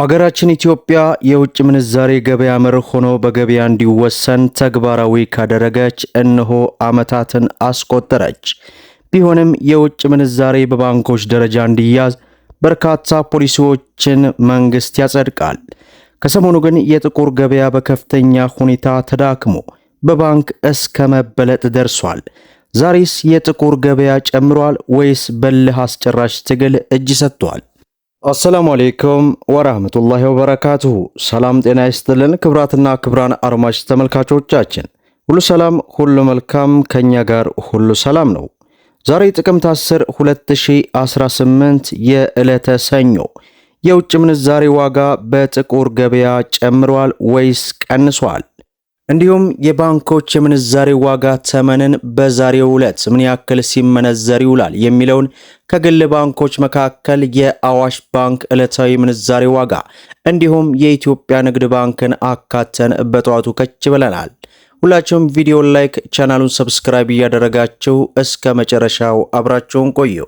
አገራችን ኢትዮጵያ የውጭ ምንዛሬ ገበያ መርህ ሆኖ በገበያ እንዲወሰን ተግባራዊ ካደረገች እነሆ ዓመታትን አስቆጠረች። ቢሆንም የውጭ ምንዛሬ በባንኮች ደረጃ እንዲያዝ በርካታ ፖሊሲዎችን መንግስት ያጸድቃል። ከሰሞኑ ግን የጥቁር ገበያ በከፍተኛ ሁኔታ ተዳክሞ በባንክ እስከ መበለጥ ደርሷል። ዛሬስ የጥቁር ገበያ ጨምሯል ወይስ በልህ አስጨራሽ ትግል እጅ ሰጥቷል? አሰላሙ አሌይኩም ወራህመቱላሂ ወበረካቱሁ። ሰላም ጤና ይስጥልን። ክብራትና ክብራን አድማጭ ተመልካቾቻችን ሁሉ ሰላም፣ ሁሉ መልካም፣ ከእኛ ጋር ሁሉ ሰላም ነው። ዛሬ ጥቅምት 10 2018 የዕለተ ሰኞ የውጭ ምንዛሬ ዋጋ በጥቁር ገበያ ጨምሯል ወይስ ቀንሷል? እንዲሁም የባንኮች የምንዛሬ ዋጋ ተመንን በዛሬው ዕለት ምን ያክል ሲመነዘር ይውላል የሚለውን ከግል ባንኮች መካከል የአዋሽ ባንክ ዕለታዊ ምንዛሬ ዋጋ እንዲሁም የኢትዮጵያ ንግድ ባንክን አካተን በጠዋቱ ከች ብለናል። ሁላችሁም ቪዲዮ ላይክ፣ ቻናሉን ሰብስክራይብ እያደረጋችሁ እስከ መጨረሻው አብራችሁን ቆዩ።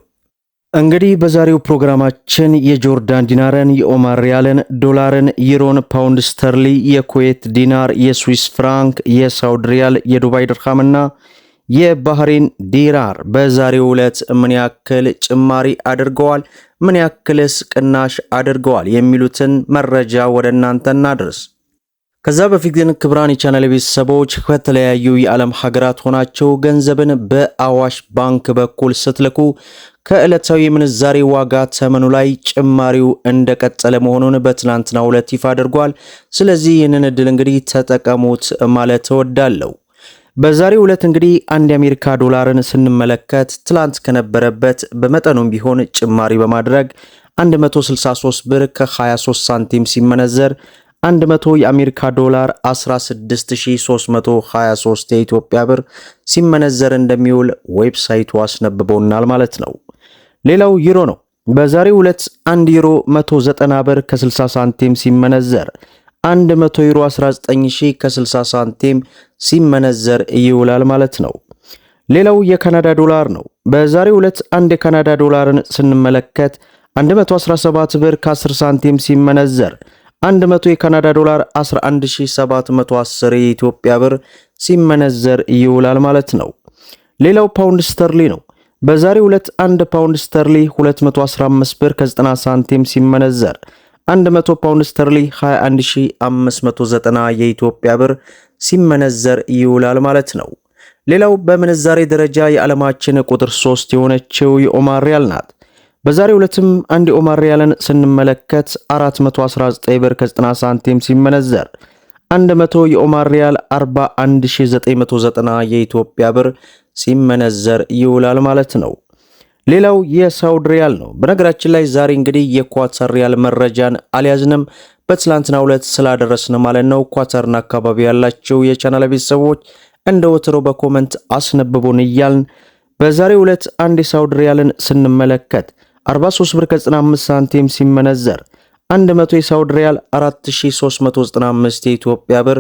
እንግዲህ በዛሬው ፕሮግራማችን የጆርዳን ዲናርን፣ የኦማር ሪያልን፣ ዶላርን፣ ዩሮን፣ ፓውንድ ስተርሊ፣ የኩዌት ዲናር፣ የስዊስ ፍራንክ፣ የሳውድ ሪያል፣ የዱባይ ድርሃምና የባህሬን ዲራር በዛሬው ዕለት ምን ያክል ጭማሪ አድርገዋል፣ ምን ያክልስ ቅናሽ አድርገዋል የሚሉትን መረጃ ወደ እናንተ እናድርስ። ከዛ በፊት ግን ክብራን የቻናል ቤተሰቦች ከተለያዩ የዓለም ሀገራት ሆናቸው ገንዘብን በአዋሽ ባንክ በኩል ስትልኩ ከዕለታዊ የምንዛሬ ዋጋ ተመኑ ላይ ጭማሪው እንደቀጠለ መሆኑን በትናንትና ዕለት ይፋ አድርጓል። ስለዚህ ይህንን እድል እንግዲህ ተጠቀሙት ማለት እወዳለሁ። በዛሬው ዕለት እንግዲህ አንድ የአሜሪካ ዶላርን ስንመለከት ትላንት ከነበረበት በመጠኑም ቢሆን ጭማሪ በማድረግ 163 ብር ከ23 ሳንቲም ሲመነዘር 100 የአሜሪካ ዶላር 16323 የኢትዮጵያ ብር ሲመነዘር እንደሚውል ዌብሳይቱ አስነብቦናል ማለት ነው። ሌላው ዩሮ ነው። በዛሬው ዕለት 1 ዩሮ 190 ብር ከ60 ሳንቲም ሲመነዘር 100 ዩሮ 19000 ከ60 ሳንቲም ሲመነዘር ይውላል ማለት ነው። ሌላው የካናዳ ዶላር ነው። በዛሬው ዕለት አንድ የካናዳ ዶላርን ስንመለከት 117 ብር ከ10 ሳንቲም ሲመነዘር 100 የካናዳ ዶላር 11710 የኢትዮጵያ ብር ሲመነዘር ይውላል ማለት ነው። ሌላው ፓውንድ ስተርሊ ነው። በዛሬው ዕለት 1 ፓውንድ ስተርሊ 215 ብር ከ90 ሳንቲም ሲመነዘር 100 ፓውንድ ስተርሊ 21590 የኢትዮጵያ ብር ሲመነዘር ይውላል ማለት ነው። ሌላው በምንዛሬ ደረጃ የዓለማችን ቁጥር 3 የሆነችው የኦማር ሪያል ናት። በዛሬ ዕለትም አንድ ኦማር ሪያልን ስንመለከት 419 ብር ከ90 ሳንቲም ሲመነዘር 100 የኦማር ሪያል 41990 የኢትዮጵያ ብር ሲመነዘር ይውላል ማለት ነው። ሌላው የሳውድ ሪያል ነው። በነገራችን ላይ ዛሬ እንግዲህ የኳተር ሪያል መረጃን አልያዝንም በትላንትናው ዕለት ስላደረስን ማለት ነው። ኳተርን አካባቢ ያላቸው የቻናል ቤተሰቦች እንደ ወትሮ በኮመንት አስነብቡን እያልን በዛሬ ዕለት አንድ የሳውድ ሪያልን ስንመለከት 43 ብር ከ95 ሳንቲም ሲመነዘር 100 የሳውዲ ሪያል 4395 የኢትዮጵያ ብር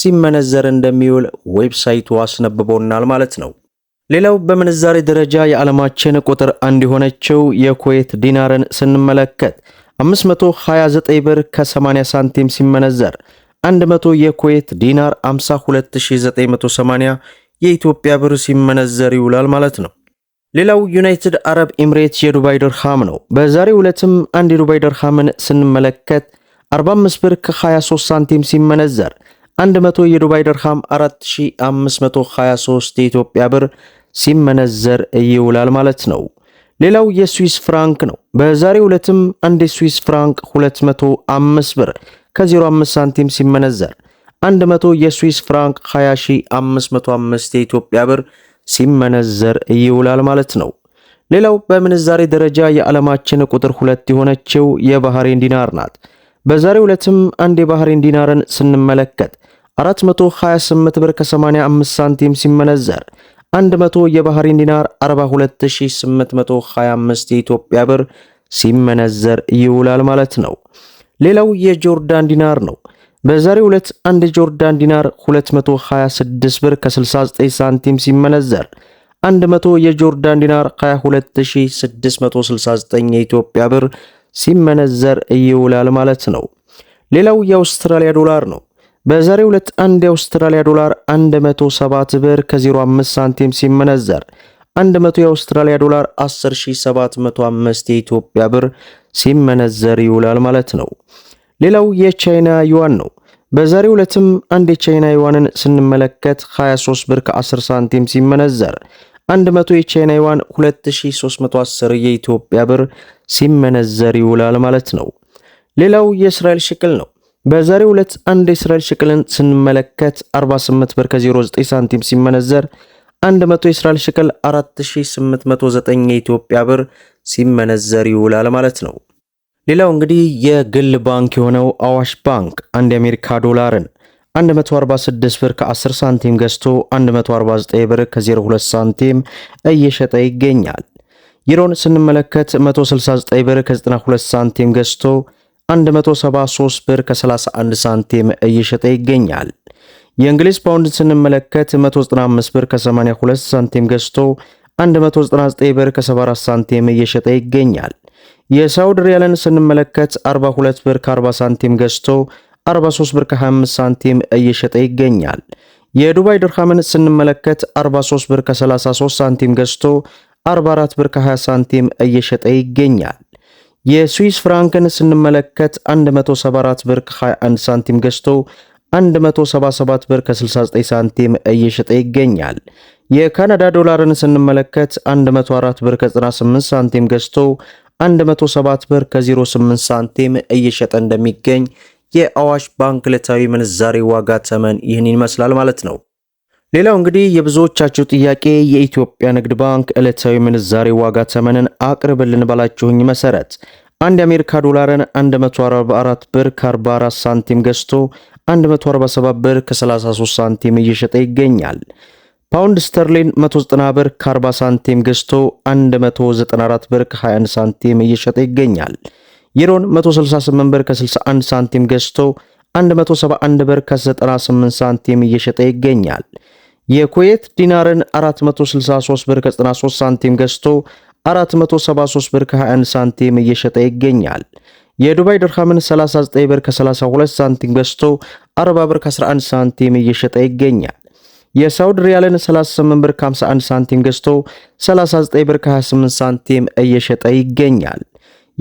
ሲመነዘር እንደሚውል ዌብሳይቱ አስነብቦናል ማለት ነው። ሌላው በምንዛሬ ደረጃ የዓለማችን ቁጥር አንድ የሆነችው የኩዌት ዲናርን ስንመለከት 529 ብር ከ80 ሳንቲም ሲመነዘር 100 የኩዌት ዲናር 52980 የኢትዮጵያ ብር ሲመነዘር ይውላል ማለት ነው። ሌላው ዩናይትድ አረብ ኤምሬት የዱባይ ድርሃም ነው። በዛሬ ዕለትም አንድ የዱባይ ድርሃምን ስንመለከት 45 ብር ከ23 ሳንቲም ሲመነዘር 100 የዱባይ ድርሃም 4523 የኢትዮጵያ ብር ሲመነዘር ይውላል ማለት ነው። ሌላው የስዊስ ፍራንክ ነው። በዛሬ ዕለትም አንድ የስዊስ ፍራንክ 205 ብር ከ05 ሳንቲም ሲመነዘር 100 የስዊስ ፍራንክ 20505 የኢትዮጵያ ብር ሲመነዘር ይውላል ማለት ነው። ሌላው በምንዛሬ ደረጃ የዓለማችን ቁጥር ሁለት የሆነችው የባህሬን ዲናር ናት። በዛሬው ዕለትም አንድ የባህሬን ዲናርን ስንመለከት 428 ብር ከ85 ሳንቲም ሲመነዘር 100 የባህሬን ዲናር 42825 የኢትዮጵያ ብር ሲመነዘር ይውላል ማለት ነው። ሌላው የጆርዳን ዲናር ነው። በዛሬ ሁለት አንድ ጆርዳን ዲናር 226 ብር ከ69 ሳንቲም ሲመነዘር 100 የጆርዳን ዲናር 22669 የኢትዮጵያ ብር ሲመነዘር ይውላል ማለት ነው። ሌላው የአውስትራሊያ ዶላር ነው። በዛሬ ሁለት አንድ የአውስትራሊያ ዶላር 107 ብር ከ05 ሳንቲም ሲመነዘር 100 የአውስትራሊያ ዶላር 10705 የኢትዮጵያ ብር ሲመነዘር ይውላል ማለት ነው። ሌላው የቻይና ዩዋን ነው። በዛሬው ዕለትም አንድ የቻይና ዩዋንን ስንመለከት 23 ብር ከ10 ሳንቲም ሲመነዘር 100 የቻይና ዩዋን 2310 የኢትዮጵያ ብር ሲመነዘር ይውላል ማለት ነው። ሌላው የእስራኤል ሽቅል ነው። በዛሬው ዕለት አንድ የእስራኤል ሽቅልን ስንመለከት 48 ብር ከ09 ሳንቲም ሲመነዘር 100 የእስራኤል ሽቅል 4809 የኢትዮጵያ ብር ሲመነዘር ይውላል ማለት ነው። ሌላው እንግዲህ የግል ባንክ የሆነው አዋሽ ባንክ አንድ የአሜሪካ ዶላርን 146 ብር ከ10 ሳንቲም ገዝቶ 149 ብር ከ02 ሳንቲም እየሸጠ ይገኛል። ዩሮን ስንመለከት 169 ብር ከ92 ሳንቲም ገዝቶ 173 ብር ከ31 ሳንቲም እየሸጠ ይገኛል። የእንግሊዝ ፓውንድን ስንመለከት 195 ብር ከ82 ሳንቲም ገዝቶ 199 ብር ከ74 ሳንቲም እየሸጠ ይገኛል። የሳውዲ ሪያልን ስንመለከት 42 ብር ከ40 ሳንቲም ገዝቶ 43 ብር ከ25 ሳንቲም እየሸጠ ይገኛል። የዱባይ ድርሃምን ስንመለከት 43 ብር ከ33 ሳንቲም ገዝቶ 44 ብር ከ20 ሳንቲም እየሸጠ ይገኛል። የስዊስ ፍራንክን ስንመለከት 174 ብር ከ21 ሳንቲም ገዝቶ 177 ብር ከ69 ሳንቲም እየሸጠ ይገኛል። የካናዳ ዶላርን ስንመለከት 104 ብር ከ98 ሳንቲም ገዝቶ 107 ብር ከ08 ሳንቲም እየሸጠ እንደሚገኝ የአዋሽ ባንክ ዕለታዊ ምንዛሬ ዋጋ ተመን ይህን ይመስላል ማለት ነው። ሌላው እንግዲህ የብዙዎቻችሁ ጥያቄ የኢትዮጵያ ንግድ ባንክ ዕለታዊ ምንዛሬ ዋጋ ተመንን አቅርብልን ባላችሁኝ መሰረት አንድ የአሜሪካ ዶላርን 144 ብር ከ44 ሳንቲም ገዝቶ 147 ብር ከ33 ሳንቲም እየሸጠ ይገኛል። ፓውንድ ስተርሊን 190 ብር ከ40 ሳንቲም ገዝቶ 194 ብር ከ21 ሳንቲም እየሸጠ ይገኛል። ዩሮን 168 ብር ከ61 ሳንቲም ገዝቶ 171 ብር ከ98 ሳንቲም እየሸጠ ይገኛል። የኩዌት ዲናርን 463 ብር ከ93 ሳንቲም ገዝቶ 473 ብር ከ21 ሳንቲም እየሸጠ ይገኛል። የዱባይ ድርሃምን 39 ብር ከ32 ሳንቲም ገዝቶ 40 ብር ከ11 ሳንቲም እየሸጠ ይገኛል። የሳውዲ ሪያልን 38 ብር 51 ሳንቲም ገዝቶ 39 ብር 28 ሳንቲም እየሸጠ ይገኛል።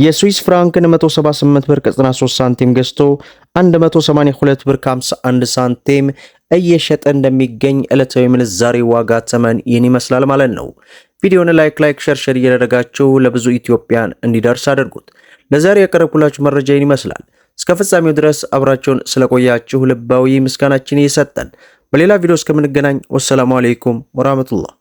የስዊስ ፍራንክን 178 ብር 93 ሳንቲም ገዝቶ 182 ብር 51 ሳንቲም እየሸጠ እንደሚገኝ ዕለታዊ ምንዛሬ ዋጋ ተመን ይህን ይመስላል ማለት ነው። ቪዲዮውን ላይክ ላይክ ሸር ሸር እያደረጋችሁ ለብዙ ኢትዮጵያን እንዲደርስ አድርጉት። ለዛሬ ያቀረብኩላችሁ መረጃ ይህን ይመስላል። እስከ ፍጻሜው ድረስ አብራችሁን ስለቆያችሁ ልባዊ ምስጋናችን እየሰጠን በሌላ ቪዲዮ እስከምንገናኝ ወሰላሙ አሌይኩም ወራህመቱላህ